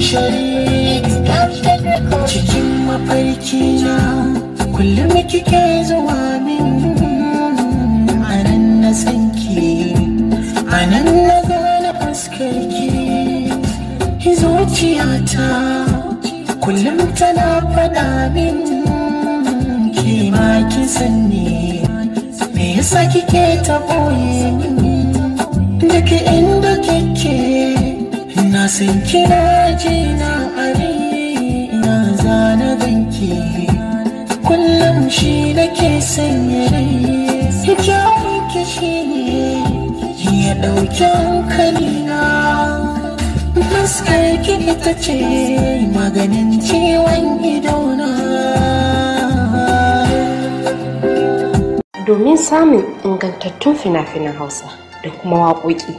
sharik cikin mafarki na kullum kike zuwa min anan na sanki anan na gane fuskarki zuciyata kullum tana faɗa min ke ma ki sanni me yasa kike ta boye min duk inda san kina kina are ina zana ganki kullum shi nake sanya rai hijabi ki shi ne ya ɗauki hankali na fuskar ki ita ce maganin ciwon idona domin samun ingantattun fina-finan hausa da kuma waƙoƙi